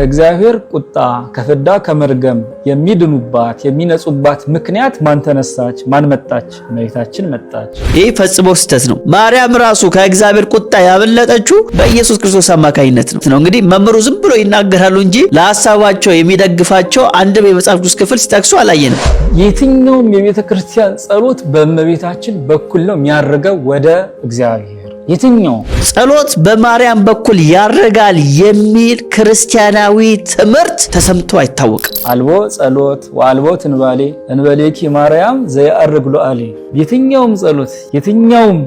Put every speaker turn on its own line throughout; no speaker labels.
ከእግዚአብሔር ቁጣ ከፍዳ ከመርገም የሚድኑባት የሚነጹባት ምክንያት ማን ተነሳች? ማን መጣች? እመቤታችን መጣች።
ይህ ፈጽሞ ስህተት ነው። ማርያም ራሱ ከእግዚአብሔር ቁጣ ያመለጠችው በኢየሱስ ክርስቶስ አማካኝነት ነው። እንግዲህ መምህሩ ዝም ብሎ ይናገራሉ እንጂ ለሀሳባቸው የሚደግፋቸው አንድም የመጽሐፍ ቅዱስ ክፍል ሲጠቅሱ አላየንም።
የትኛውም የቤተ ክርስቲያን ጸሎት በእመቤታችን በኩል ነው የሚያርገው ወደ እግዚአብሔር የትኛው
ጸሎት በማርያም በኩል ያረጋል የሚል ክርስቲያናዊ ትምህርት ተሰምቶ አይታወቅም።
አልቦ ጸሎት ወአልቦ ትንባሌ እንበሌኪ ማርያም ዘያአርግ አሊ የትኛውም ጸሎት የትኛውም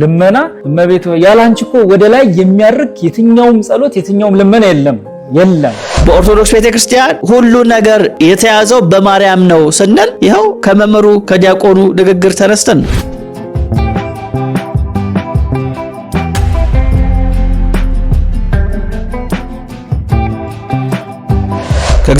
ልመና እመቤት ያላንቺ እኮ ወደ ላይ የሚያርግ የትኛውም ጸሎት የትኛውም ልመና የለም የለም።
በኦርቶዶክስ ቤተክርስቲያን ሁሉ ነገር የተያዘው በማርያም ነው ስንል ይኸው ከመምህሩ ከዲያቆኑ ንግግር ተነስተን ነው።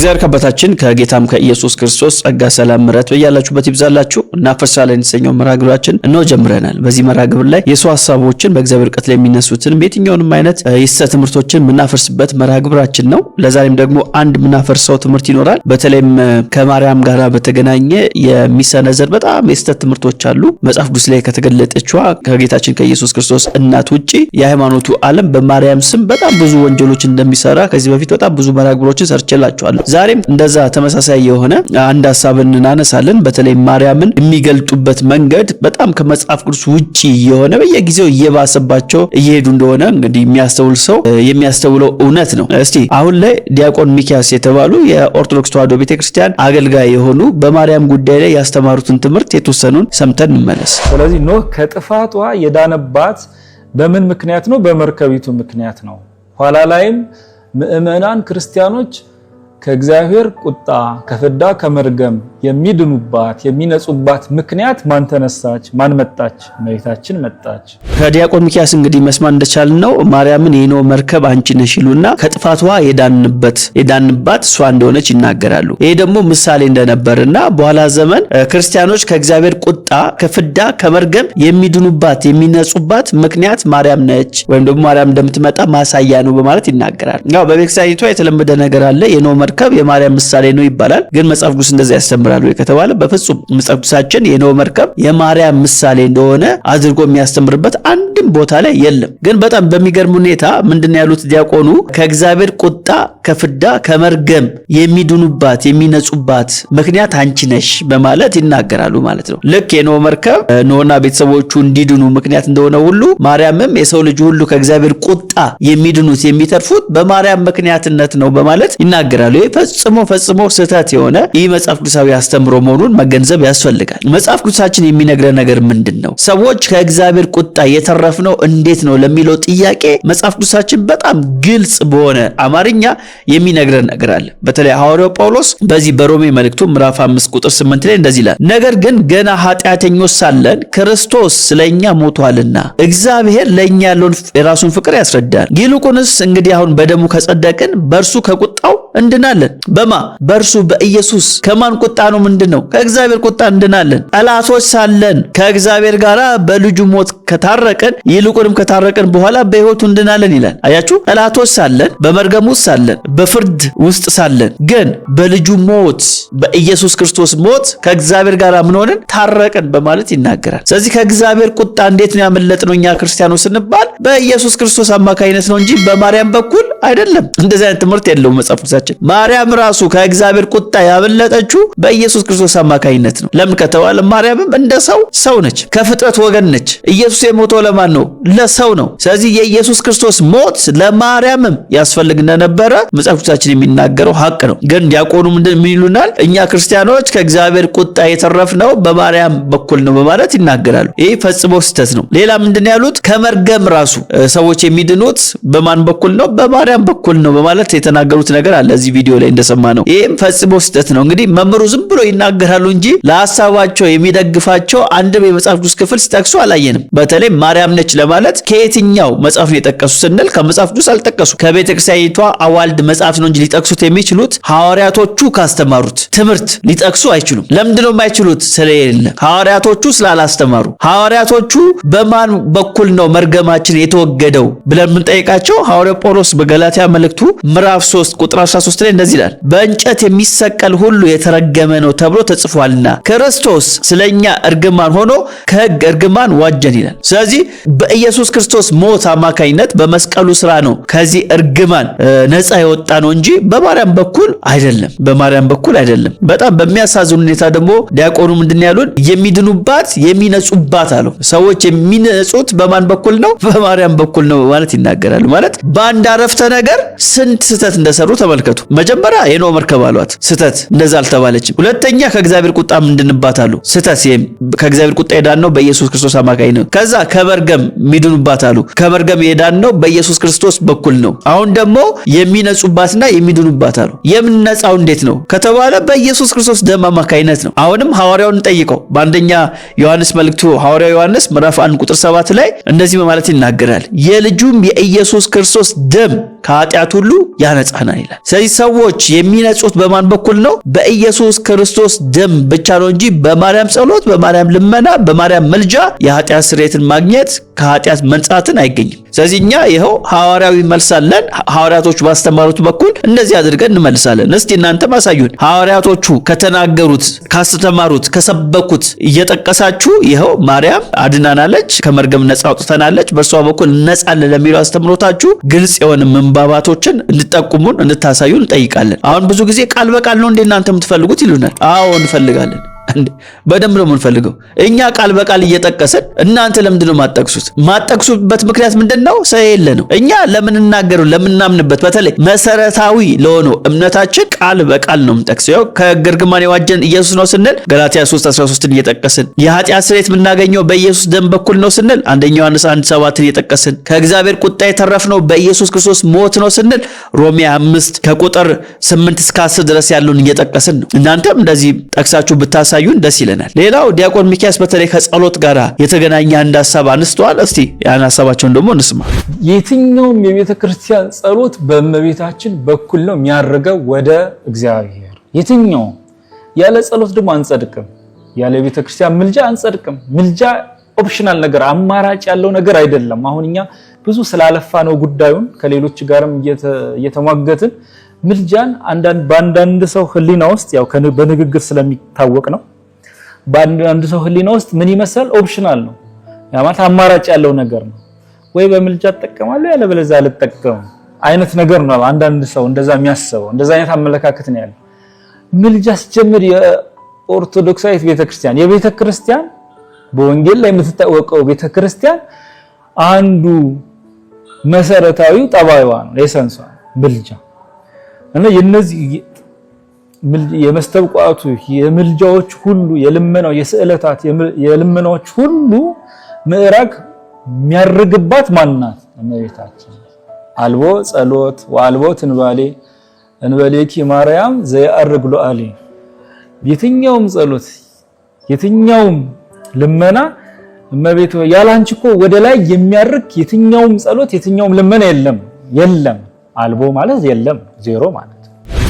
ከእግዚአብሔር ከአባታችን ከጌታም ከኢየሱስ ክርስቶስ ጸጋ፣ ሰላም፣ ምሕረት በያላችሁበት ይብዛላችሁ። እናፈርሳለን የተሰኘው መርሃ ግብራችን እነሆ ጀምረናል። በዚህ መርሃ ግብር ላይ የሰው ሀሳቦችን በእግዚአብሔር እውቀት ላይ የሚነሱትንም የትኛውንም አይነት የሐሰት ትምህርቶችን የምናፈርስበት መርሃ ግብራችን ነው። ለዛሬም ደግሞ አንድ የምናፈርሰው ትምህርት ይኖራል። በተለይም ከማርያም ጋር በተገናኘ የሚሰነዘር በጣም የስተ ትምህርቶች አሉ። መጽሐፍ ቅዱስ ላይ ከተገለጠችዋ ከጌታችን ከኢየሱስ ክርስቶስ እናት ውጭ የሃይማኖቱ ዓለም በማርያም ስም በጣም ብዙ ወንጀሎች እንደሚሰራ ከዚህ በፊት በጣም ብዙ መርሃ ግብሮችን ሰርቼላችኋለሁ። ዛሬም እንደዛ ተመሳሳይ የሆነ አንድ ሀሳብን እናነሳለን። በተለይ ማርያምን የሚገልጡበት መንገድ በጣም ከመጽሐፍ ቅዱስ ውጪ የሆነ በየጊዜው እየባሰባቸው እየሄዱ እንደሆነ እንግዲህ የሚያስተውል ሰው የሚያስተውለው እውነት ነው። እስቲ አሁን ላይ ዲያቆን ሚኪያስ የተባሉ የኦርቶዶክስ ተዋህዶ ቤተክርስቲያን አገልጋይ የሆኑ በማርያም ጉዳይ ላይ ያስተማሩትን ትምህርት የተወሰኑን ሰምተን እንመለስ።
ስለዚህ ኖህ ከጥፋቷ የዳነባት በምን ምክንያት ነው? በመርከቢቱ ምክንያት ነው። ኋላ ላይም ምዕመናን ክርስቲያኖች ከእግዚአብሔር ቁጣ ከፍዳ ከመርገም የሚድኑባት የሚነጹባት ምክንያት ማን ተነሳች? ማን መጣች? እመቤታችን መጣች።
ከዲያቆን ሚኪያስ እንግዲህ መስማት እንደቻልን ነው ማርያምን የኖ መርከብ አንቺ ነሽ ይሉና ከጥፋቷ የዳንበት የዳንባት እሷ እንደሆነች ይናገራሉ። ይሄ ደግሞ ምሳሌ እንደነበርና በኋላ ዘመን ክርስቲያኖች ከእግዚአብሔር ቁጣ ከፍዳ ከመርገም የሚድኑባት የሚነጹባት ምክንያት ማርያም ነች ወይም ደግሞ ማርያም እንደምትመጣ ማሳያ ነው በማለት ይናገራል። ያው በቤተክርስቲያኒቷ የተለመደ ነገር አለ የኖ መርከብ የማርያም ምሳሌ ነው ይባላል። ግን መጽሐፍ ቅዱስ እንደዚህ ያስተምራል ወይ ከተባለ በፍጹም መጽሐፍ ቅዱሳችን የኖህ መርከብ የማርያም ምሳሌ እንደሆነ አድርጎ የሚያስተምርበት አንድም ቦታ ላይ የለም። ግን በጣም በሚገርም ሁኔታ ምንድን ያሉት ዲያቆኑ ከእግዚአብሔር ቁጣ፣ ከፍዳ፣ ከመርገም የሚድኑባት የሚነጹባት ምክንያት አንቺ ነሽ በማለት ይናገራሉ ማለት ነው። ልክ የኖህ መርከብ ኖህና ቤተሰቦቹ እንዲድኑ ምክንያት እንደሆነ ሁሉ ማርያምም የሰው ልጅ ሁሉ ከእግዚአብሔር ቁጣ የሚድኑት የሚተርፉት በማርያም ምክንያትነት ነው በማለት ይናገራሉ። ፈጽሞ ፈጽሞ ስህተት የሆነ ይህ መጽሐፍ ቅዱሳዊ አስተምሮ መሆኑን መገንዘብ ያስፈልጋል። መጽሐፍ ቅዱሳችን የሚነግረን ነገር ምንድን ነው? ሰዎች ከእግዚአብሔር ቁጣ የተረፍነው እንዴት ነው ለሚለው ጥያቄ መጽሐፍ ቅዱሳችን በጣም ግልጽ በሆነ አማርኛ የሚነግረን ነገር አለ። በተለይ ሐዋርያው ጳውሎስ በዚህ በሮሜ መልእክቱ ምዕራፍ 5 ቁጥር 8 ላይ እንደዚህ ይላል፣ ነገር ግን ገና ኃጢአተኞች ሳለን ክርስቶስ ስለኛ ሞቷልና እግዚአብሔር ለእኛ ያለውን የራሱን ፍቅር ያስረዳል። ይልቁንስ እንግዲህ አሁን በደሙ ከጸደቅን በእርሱ ከቁጣው እንድናለን። በማ በእርሱ በኢየሱስ ከማን ቁጣ ነው? ምንድን ነው? ከእግዚአብሔር ቁጣ እንድናለን። ጠላቶች ሳለን ከእግዚአብሔር ጋር በልጁ ሞት ከታረቀን ይልቁንም ከታረቀን በኋላ በሕይወቱ እንድናለን ይላል። አያችሁ፣ ጠላቶች ሳለን፣ በመርገም ውስጥ ሳለን፣ በፍርድ ውስጥ ሳለን ግን በልጁ ሞት በኢየሱስ ክርስቶስ ሞት ከእግዚአብሔር ጋር ምንሆንን ታረቀን በማለት ይናገራል። ስለዚህ ከእግዚአብሔር ቁጣ እንዴት ነው ያመለጥነው እኛ ክርስቲያኖች ስንባል በኢየሱስ ክርስቶስ አማካኝነት ነው እንጂ በማርያም በኩል አይደለም። እንደዚህ አይነት ትምህርት የለውም መጽሐፍ ጌታችን ማርያም ራሱ ከእግዚአብሔር ቁጣ ያበለጠችው በኢየሱስ ክርስቶስ አማካኝነት ነው። ለምን ከተባለ ማርያምም እንደ ሰው ሰው ነች፣ ከፍጥረት ወገን ነች። ኢየሱስ የሞተው ለማን ነው? ለሰው ነው። ስለዚህ የኢየሱስ ክርስቶስ ሞት ለማርያምም ያስፈልግ እንደነበረ መጽሐፍ ቅዱሳችን የሚናገረው ሀቅ ነው። ግን ዲያቆኑ ምን ይሉናል? እኛ ክርስቲያኖች ከእግዚአብሔር ቁጣ የተረፍነው በማርያም በኩል ነው በማለት ይናገራሉ። ይህ ፈጽሞ ስህተት ነው። ሌላ ምንድን ያሉት ከመርገም ራሱ ሰዎች የሚድኑት በማን በኩል ነው? በማርያም በኩል ነው በማለት የተናገሩት ነገር አለ። እዚህ ቪዲዮ ላይ እንደሰማ ነው። ይህም ፈጽሞ ስህተት ነው። እንግዲህ መምህሩ ዝም ብሎ ይናገራሉ እንጂ ለሀሳባቸው የሚደግፋቸው አንድም የመጽሐፍ ቅዱስ ክፍል ሲጠቅሱ አላየንም። በተለይ ማርያም ነች ለማለት ከየትኛው መጽሐፍ ነው የጠቀሱ ስንል ከመጽሐፍ ቅዱስ አልጠቀሱ ከቤተ ክርስቲያኒቷ አዋልድ መጽሐፍ ነው እንጂ ሊጠቅሱት የሚችሉት ሐዋርያቶቹ ካስተማሩት ትምህርት ሊጠቅሱ አይችሉም። ለምንድነው የማይችሉት? ስለሌለ ሐዋርያቶቹ ስላላስተማሩ። ሐዋርያቶቹ በማን በኩል ነው መርገማችን የተወገደው ብለን የምንጠይቃቸው ሐዋርያ ጳውሎስ በገላትያ መልእክቱ ምዕራፍ 3 ቁጥር 13 ላይ እንደዚህ ይላል፣ በእንጨት የሚሰቀል ሁሉ የተረገመ ነው ተብሎ ተጽፏልና ክርስቶስ ስለኛ እርግማን ሆኖ ከህግ እርግማን ዋጀን ይላል። ስለዚህ በኢየሱስ ክርስቶስ ሞት አማካኝነት በመስቀሉ ስራ ነው ከዚህ እርግማን ነፃ የወጣ ነው እንጂ በማርያም በኩል አይደለም፣ በማርያም በኩል አይደለም። በጣም በሚያሳዝን ሁኔታ ደግሞ ዲያቆኑ ምንድን ያሉን የሚድኑባት የሚነጹባት አለው። ሰዎች የሚነጹት በማን በኩል ነው? በማርያም በኩል ነው ማለት ይናገራሉ። ማለት በአንድ አረፍተ ነገር ስንት ስህተት እንደሰሩ ተመልከቱ። ተመልከቱ። መጀመሪያ የኖ መርከብ አሏት፣ ስህተት እንደዛ አልተባለችም። ሁለተኛ ከእግዚአብሔር ቁጣ ምንድንባት አሉ፣ ስህተት። ይህም ከእግዚአብሔር ቁጣ የዳን ነው በኢየሱስ ክርስቶስ አማካኝ ነው። ከዛ ከመርገም ሚድኑባት አሉ፣ ከመርገም የዳን ነው በኢየሱስ ክርስቶስ በኩል ነው። አሁን ደግሞ የሚነጹባትና የሚድኑባት አሉ። የምንነጻው እንዴት ነው ከተባለ በኢየሱስ ክርስቶስ ደም አማካኝነት ነው። አሁንም ሐዋርያውን እንጠይቀው። በአንደኛ ዮሐንስ መልእክቱ ሐዋርያው ዮሐንስ ምዕራፍ 1 ቁጥር 7 ላይ እንደዚህ በማለት ይናገራል የልጁም የኢየሱስ ክርስቶስ ደም ከኃጢአት ሁሉ ያነጻናል ይላል። እነዚህ ሰዎች የሚነጹት በማን በኩል ነው? በኢየሱስ ክርስቶስ ደም ብቻ ነው እንጂ በማርያም ጸሎት፣ በማርያም ልመና፣ በማርያም መልጃ የኃጢአት ስርየትን ማግኘት ከኃጢአት መንጻትን አይገኝም። ስለዚህ እኛ ይኸው ሐዋርያዊ መልሳለን ሐዋርያቶቹ ባስተማሩት በኩል እንደዚህ አድርገን እንመልሳለን። እስቲ እናንተ አሳዩን። ሐዋርያቶቹ ከተናገሩት፣ ካስተማሩት፣ ከሰበኩት እየጠቀሳችሁ ይኸው ማርያም አድናናለች፣ ከመርገም ነጻ አውጥተናለች፣ በእርሷ በኩል ነጻለን ለሚለው አስተምሮታችሁ ግልጽ የሆነ መንባባቶችን እንድጠቁሙን እንድታሳዩ እንድታሳዩ እንጠይቃለን። አሁን ብዙ ጊዜ ቃል በቃል ነው እንደ እናንተ የምትፈልጉት ይሉናል። አዎ እንፈልጋለን። በደንብ ነው የምንፈልገው። እኛ ቃል በቃል እየጠቀስን እናንተ ለምንድነው ነው ማጠቅሱት? ማጠቅሱበት ምክንያት ምንድን ነው? ስለሌለ ነው። እኛ ለምንናገሩ ለምናምንበት፣ በተለይ መሰረታዊ ለሆነው እምነታችን ቃል በቃል ነው የምንጠቅሰው። ያው ከግርግማን የዋጀን ኢየሱስ ነው ስንል ገላትያ 3:13ን እየጠቀስን የኃጢአት ስርየት የምናገኘው በኢየሱስ ደም በኩል ነው ስንል አንደኛ ዮሐንስ 1:7ን እየጠቀስን ከእግዚአብሔር ቁጣ የተረፍነው በኢየሱስ ክርስቶስ ሞት ነው ስንል ሮሜ 5 ከቁጥር 8 እስከ 10 ድረስ ያለውን እየጠቀስን ነው። እናንተም እንደዚህ ጠቅሳችሁ ብታሳ ቢያሳዩን ደስ ይለናል። ሌላው ዲያቆን ሚኪያስ በተለይ ከጸሎት ጋር የተገናኘ አንድ ሀሳብ አንስተዋል። እስቲ ያን ሀሳባቸውን ደግሞ እንስማ።
የትኛውም የቤተ ክርስቲያን ጸሎት በእመቤታችን በኩል ነው የሚያደርገው ወደ እግዚአብሔር። የትኛውም ያለ ጸሎት ደግሞ አንጸድቅም፣ ያለ የቤተ ክርስቲያን ምልጃ አንጸድቅም። ምልጃ ኦፕሽናል ነገር አማራጭ ያለው ነገር አይደለም። አሁን እኛ ብዙ ስላለፋ ነው ጉዳዩን ከሌሎች ጋርም እየተሟገትን ምልጃን በአንዳንድ ሰው ህሊና ውስጥ ያው በንግግር ስለሚታወቅ ነው በአንድ ሰው ህሊና ውስጥ ምን ይመስላል? ኦፕሽናል ነው። ያ ማለት አማራጭ ያለው ነገር ነው። ወይ በምልጫ እጠቀማለሁ ያለበለዚያ አልጠቀምም አይነት ነገር ነው። አንዳንድ ሰው እንደዛ የሚያስበው እንደዛ አይነት አመለካከት ነው ያለው። ምልጃ ሲጀምር የኦርቶዶክሳዊት ቤተክርስቲያን የቤተክርስቲያን በወንጌል ላይ የምትታወቀው ቤተክርስቲያን አንዱ መሰረታዊው ጠባይዋ ነው የሰንሷ ምልጃ እና የነዚህ የመስተብቋቱ የምልጃዎች ሁሉ የልመናው የስዕለታት የልመናዎች ሁሉ ምዕራግ የሚያርግባት ማናት? እመቤታችን አልቦ ጸሎት ወአልቦ ትንባሌ እንበሌኪ ማርያም ዘይአርግ ሎአሌ። የትኛውም ጸሎት የትኛውም ልመና እመቤት ያላንቺ እኮ ወደ ላይ የሚያርግ የትኛውም ጸሎት የትኛውም ልመና የለም የለም። አልቦ ማለት የለም ዜሮ ማለት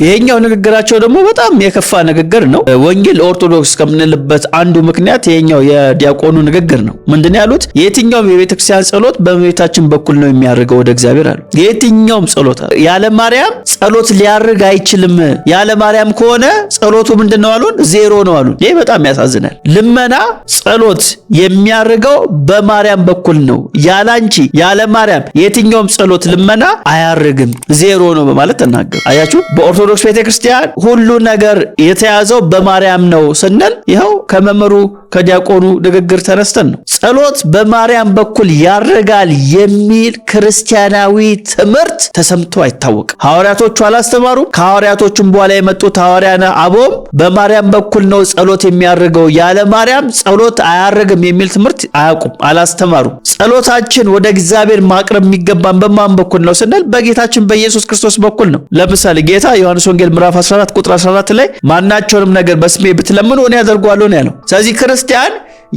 ይሄኛው ንግግራቸው ደግሞ በጣም የከፋ ንግግር ነው። ወንጌል ኦርቶዶክስ ከምንልበት አንዱ ምክንያት ይሄኛው የዲያቆኑ ንግግር ነው። ምንድን ያሉት? የትኛውም የቤተክርስቲያን ጸሎት በእመቤታችን በኩል ነው የሚያርገው ወደ እግዚአብሔር አሉ። የትኛውም ጸሎት ያለ ማርያም ጸሎት ሊያርግ አይችልም። ያለ ማርያም ከሆነ ጸሎቱ ምንድን ነው አሉን? ዜሮ ነው አሉን። ይህ በጣም ያሳዝናል። ልመና ጸሎት የሚያርገው በማርያም በኩል ነው። ያለ አንቺ ያለ ማርያም የትኛውም ጸሎት ልመና አያርግም፣ ዜሮ ነው በማለት ተናገሩ። አያችሁ በኦርቶዶክስ ኦርቶዶክስ ቤተክርስቲያን ሁሉ ነገር የተያዘው በማርያም ነው ስንል ይኸው ከመምህሩ ከዲያቆኑ ንግግር ተነስተን ነው። ጸሎት በማርያም በኩል ያረጋል የሚል ክርስቲያናዊ ትምህርት ተሰምቶ አይታወቅም። ሐዋርያቶቹ አላስተማሩም። ከሐዋርያቶቹም በኋላ የመጡት ሐዋርያነ አቦም በማርያም በኩል ነው ጸሎት የሚያርገው፣ ያለ ማርያም ጸሎት አያርግም የሚል ትምህርት አያውቁም፣ አላስተማሩም። ጸሎታችን ወደ እግዚአብሔር ማቅረብ የሚገባን በማን በኩል ነው ስንል በጌታችን በኢየሱስ ክርስቶስ በኩል ነው። ለምሳሌ ጌታ ዮሐንስ ወንጌል ምዕራፍ 14 ቁጥር 14 ላይ ማናቸውንም ነገር በስሜ ብትለምኑ እኔ ያደርገዋለሁ ነው ያለው። ስለዚህ ክርስቲያን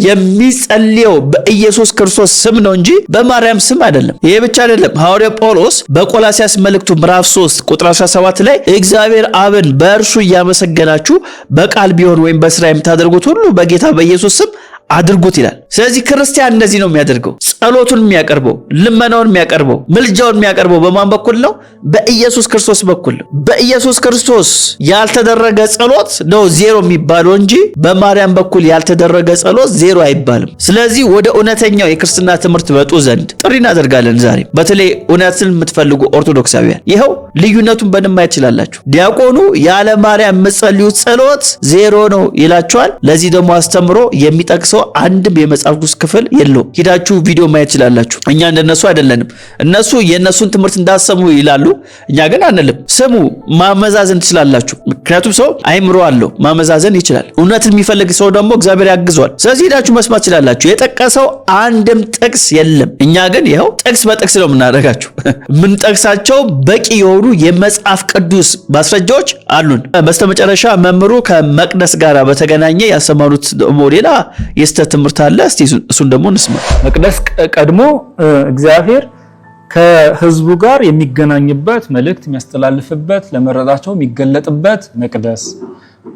የሚጸልየው በኢየሱስ ክርስቶስ ስም ነው እንጂ በማርያም ስም አይደለም። ይሄ ብቻ አይደለም። ሐዋርያው ጳውሎስ በቆላሲያስ መልእክቱ ምዕራፍ 3 ቁጥር 17 ላይ እግዚአብሔር አብን በእርሱ እያመሰገናችሁ በቃል ቢሆን ወይም በስራ የምታደርጉት ሁሉ በጌታ በኢየሱስ ስም አድርጉት ይላል። ስለዚህ ክርስቲያን እንደዚህ ነው የሚያደርገው። ጸሎቱን የሚያቀርበው ልመናውን የሚያቀርበው ምልጃውን የሚያቀርበው በማን በኩል ነው? በኢየሱስ ክርስቶስ በኩል ነው። በኢየሱስ ክርስቶስ ያልተደረገ ጸሎት ነው ዜሮ የሚባለው እንጂ በማርያም በኩል ያልተደረገ ጸሎት ዜሮ አይባልም። ስለዚህ ወደ እውነተኛው የክርስትና ትምህርት በጡ ዘንድ ጥሪ እናደርጋለን። ዛሬ በተለይ እውነትን የምትፈልጉ ኦርቶዶክሳውያን ይኸው ልዩነቱን በደንብ ማየት ትችላላችሁ። ዲያቆኑ ያለ ማርያም የምትጸልዩት ጸሎት ዜሮ ነው ይላችኋል። ለዚህ ደግሞ አስተምሮ የሚጠቅሰው አንድም የመጽሐፍ ቅዱስ ክፍል የለውም። ሂዳችሁ ቪዲዮ ማየት ይችላላችሁ። እኛ እንደነሱ አይደለንም። እነሱ የእነሱን ትምህርት እንዳሰሙ ይላሉ፣ እኛ ግን አንልም። ስሙ፣ ማመዛዘን ትችላላችሁ። ምክንያቱም ሰው አይምሮ አለው፣ ማመዛዘን ይችላል። እውነትን የሚፈልግ ሰው ደግሞ እግዚአብሔር ያግዟል። ስለዚህ ሄዳችሁ መስማት ትችላላችሁ። የጠቀሰው አንድም ጥቅስ የለም። እኛ ግን ይኸው ጥቅስ በጥቅስ ነው የምናደርጋችሁ። የምንጠቅሳቸው በቂ የሆኑ የመጽሐፍ ቅዱስ ማስረጃዎች አሉን። በስተመጨረሻ መምህሩ ከመቅደስ ጋር በተገናኘ ያሰማሩት ደግሞ ሌላ የስተት ትምህርት አለ። እስቲ እሱን ደግሞ እንስማ።
መቅደስ ቀድሞ እግዚአብሔር ከህዝቡ ጋር የሚገናኝበት መልእክት የሚያስተላልፍበት ለመረጣቸው የሚገለጥበት መቅደስ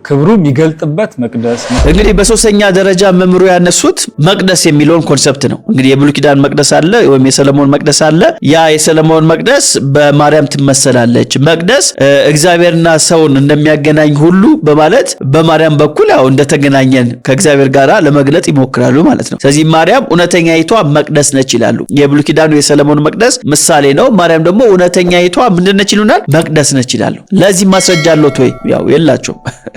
ክብሩ የሚገልጥበት መቅደስ ነው።
እንግዲህ በሶስተኛ ደረጃ መምሩ ያነሱት መቅደስ የሚለውን ኮንሰፕት ነው። እንግዲህ የብሉይ ኪዳን መቅደስ አለ ወይም የሰለሞን መቅደስ አለ። ያ የሰለሞን መቅደስ በማርያም ትመሰላለች። መቅደስ እግዚአብሔርና ሰውን እንደሚያገናኝ ሁሉ በማለት በማርያም በኩል ያው እንደተገናኘን ከእግዚአብሔር ጋር ለመግለጥ ይሞክራሉ ማለት ነው። ስለዚህ ማርያም እውነተኛ ይቷ መቅደስ ነች ይላሉ። የብሉይ ኪዳኑ የሰለሞን መቅደስ ምሳሌ ነው። ማርያም ደግሞ እውነተኛ ይቷ ምንድነች ይሉናል? መቅደስ ነች ይላሉ። ለዚህ ማስረጃ አለት ወይ? ያው የላቸውም።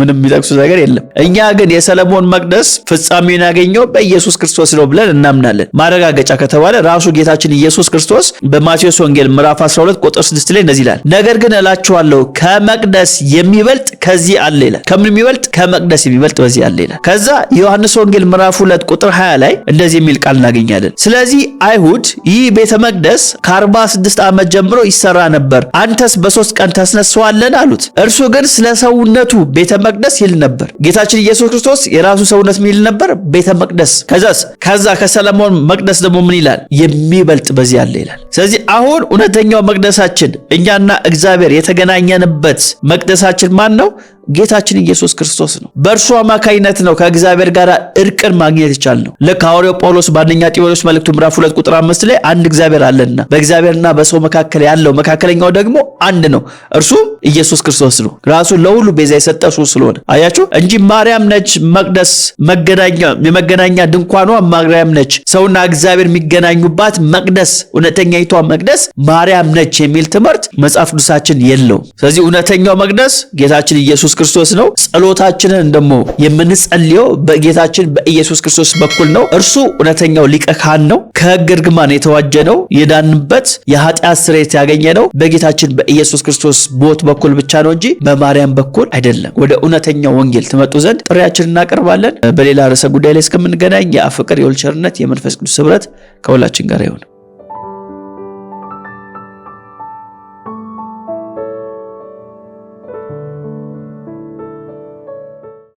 ምንም የሚጠቅሱት ነገር የለም። እኛ ግን የሰለሞን መቅደስ ፍጻሜውን ያገኘው በኢየሱስ ክርስቶስ ነው ብለን እናምናለን። ማረጋገጫ ከተባለ ራሱ ጌታችን ኢየሱስ ክርስቶስ በማቴዎስ ወንጌል ምዕራፍ 12 ቁጥር 6 ላይ እንደዚህ ይላል፣ ነገር ግን እላችኋለሁ ከመቅደስ የሚበልጥ ከዚህ አለ ይላል። ከምን የሚበልጥ? ከመቅደስ የሚበልጥ በዚህ አለ ይላል። ከዛ የዮሐንስ ወንጌል ምዕራፍ 2 ቁጥር 20 ላይ እንደዚህ የሚል ቃል እናገኛለን። ስለዚህ አይሁድ ይህ ቤተ መቅደስ ከ46 ዓመት ጀምሮ ይሰራ ነበር፣ አንተስ በሶስት ቀን ተስነሰዋለን አሉት። እርሱ ግን ስለ ሰውነቱ ቤተ መቅደስ ይል ነበር። ጌታችን ኢየሱስ ክርስቶስ የራሱ ሰውነት ምን ይል ነበር? ቤተ መቅደስ። ከዛስ ከዛ ከሰለሞን መቅደስ ደግሞ ምን ይላል? የሚበልጥ በዚህ አለ ይላል። ስለዚህ አሁን እውነተኛው መቅደሳችን እኛና እግዚአብሔር የተገናኘንበት መቅደሳችን ማን ነው? ጌታችን ኢየሱስ ክርስቶስ ነው። በእርሱ አማካይነት ነው ከእግዚአብሔር ጋር እርቅን ማግኘት ይቻል ነው። ልክ ሐዋርያው ጳውሎስ በአንደኛ ጢሞቴዎስ መልእክቱ ምዕራፍ ሁለት ቁጥር አምስት ላይ አንድ እግዚአብሔር አለንና በእግዚአብሔርና በሰው መካከል ያለው መካከለኛው ደግሞ አንድ ነው፣ እርሱም ኢየሱስ ክርስቶስ ነው። ራሱ ለሁሉ ቤዛ የሰጠ እሱ ስለሆነ አያችሁ እንጂ ማርያም ነች መቅደስ መገናኛ የመገናኛ ድንኳኗ ማርያም ነች። ሰውና እግዚአብሔር የሚገናኙባት መቅደስ እውነተኛይቷ መቅደስ ማርያም ነች የሚል ትምህርት መጽሐፍ ቅዱሳችን የለውም። ስለዚህ እውነተኛው መቅደስ ጌታችን ኢየሱስ ኢየሱስ ክርስቶስ ነው። ጸሎታችንን ደግሞ የምንጸልየው በጌታችን በኢየሱስ ክርስቶስ በኩል ነው። እርሱ እውነተኛው ሊቀ ካህን ነው። ከህግ እርግማን የተዋጀ ነው። የዳንበት የኃጢአት ስርየት ያገኘ ነው በጌታችን በኢየሱስ ክርስቶስ ቦት በኩል ብቻ ነው እንጂ በማርያም በኩል አይደለም። ወደ እውነተኛው ወንጌል ትመጡ ዘንድ ጥሪያችን እናቀርባለን። በሌላ ርዕሰ ጉዳይ ላይ እስከምንገናኝ የአብ ፍቅር፣ የወልድ ቸርነት፣ የመንፈስ ቅዱስ ህብረት ከሁላችን ጋር ይሆን።